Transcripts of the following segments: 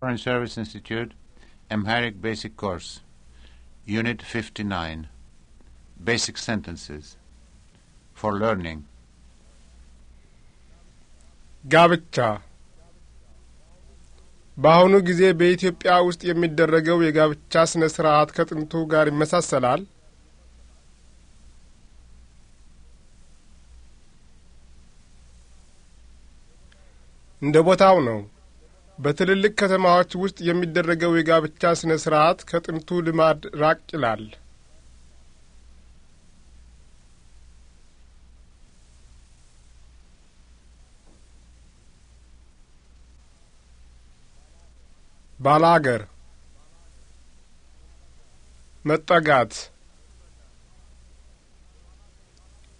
Foreign Service Institute, Amharic Basic Course, Unit 59, Basic Sentences, for Learning. ጋብቻ በአሁኑ ጊዜ በኢትዮጵያ ውስጥ የሚደረገው የጋብቻ ስነ ስርዓት ከጥንቱ ጋር ይመሳሰላል? እንደ ቦታው ነው። በትልልቅ ከተማዎች ውስጥ የሚደረገው የጋብቻ ስነ ስርዓት ከጥንቱ ልማድ ራቅ ይላል። ባላገር መጠጋት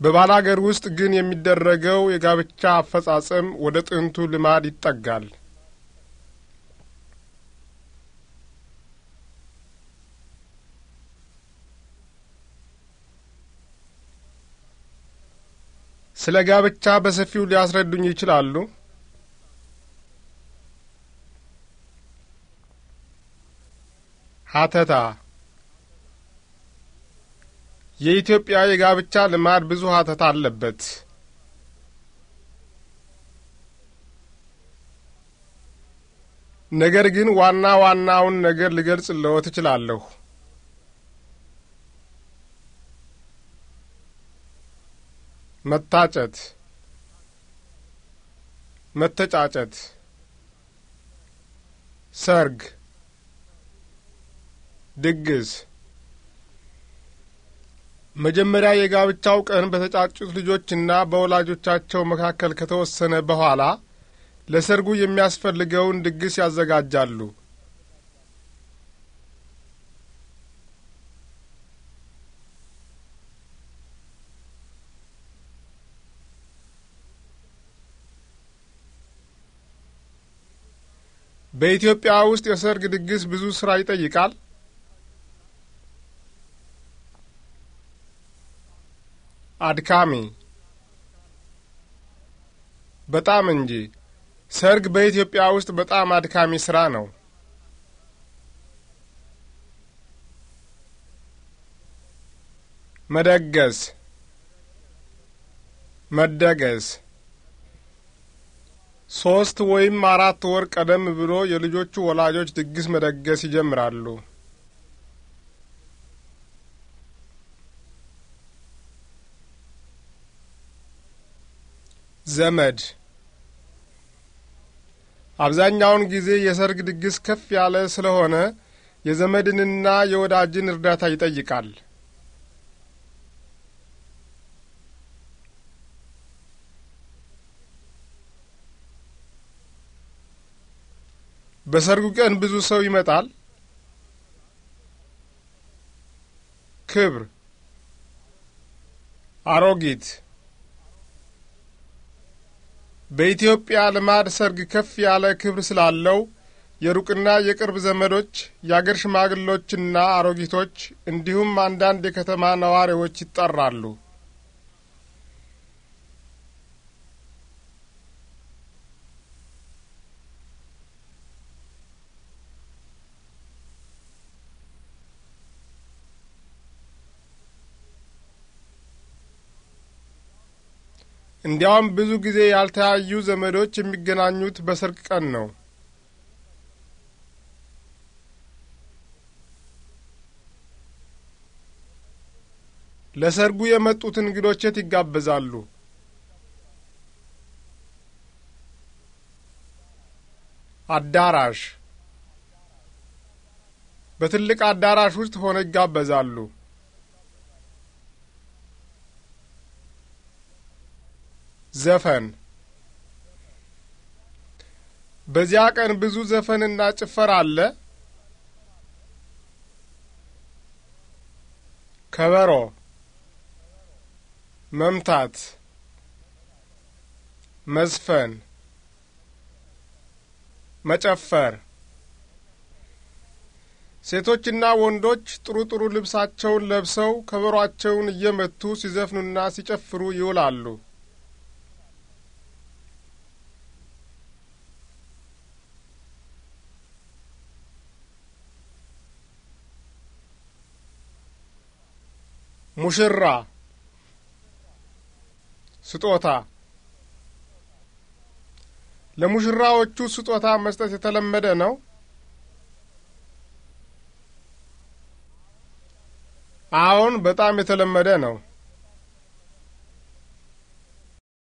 በባላገር ውስጥ ግን የሚደረገው የጋብቻ አፈጻጸም ወደ ጥንቱ ልማድ ይጠጋል። ስለ ጋብቻ በሰፊው ሊያስረዱኝ ይችላሉ? ሀተታ የኢትዮጵያ የጋብቻ ልማድ ብዙ ሀተታ አለበት። ነገር ግን ዋና ዋናውን ነገር ልገልጽ ልዎ ትችላለሁ። መታጨት፣ መተጫጨት፣ ሰርግ፣ ድግስ። መጀመሪያ የጋብቻው ቀን በተጫጩት ልጆችና በወላጆቻቸው መካከል ከተወሰነ በኋላ ለሰርጉ የሚያስፈልገውን ድግስ ያዘጋጃሉ። በኢትዮጵያ ውስጥ የሰርግ ድግስ ብዙ ስራ ይጠይቃል? አድካሚ በጣም እንጂ። ሰርግ በኢትዮጵያ ውስጥ በጣም አድካሚ ስራ ነው። መደገስ መደገስ ሶስት ወይም አራት ወር ቀደም ብሎ የልጆቹ ወላጆች ድግስ መደገስ ይጀምራሉ። ዘመድ አብዛኛውን ጊዜ የሰርግ ድግስ ከፍ ያለ ስለሆነ የዘመድንና የወዳጅን እርዳታ ይጠይቃል። በሰርጉ ቀን ብዙ ሰው ይመጣል። ክብር አሮጊት በኢትዮጵያ ልማድ ሰርግ ከፍ ያለ ክብር ስላለው የሩቅና የቅርብ ዘመዶች፣ የአገር ሽማግሎችና አሮጊቶች እንዲሁም አንዳንድ የከተማ ነዋሪዎች ይጠራሉ። እንዲያውም ብዙ ጊዜ ያልተያዩ ዘመዶች የሚገናኙት በሰርግ ቀን ነው። ለሰርጉ የመጡት እንግዶች የት ይጋበዛሉ? አዳራሽ። በትልቅ አዳራሽ ውስጥ ሆነው ይጋበዛሉ። ዘፈን በዚያ ቀን ብዙ ዘፈንና ጭፈራ አለ። ከበሮ መምታት፣ መዝፈን፣ መጨፈር። ሴቶችና ወንዶች ጥሩ ጥሩ ልብሳቸውን ለብሰው ከበሯቸውን እየመቱ ሲዘፍኑና ሲጨፍሩ ይውላሉ። ሙሽራ ስጦታ ለሙሽራዎቹ ስጦታ መስጠት የተለመደ ነው። አዎን፣ በጣም የተለመደ ነው።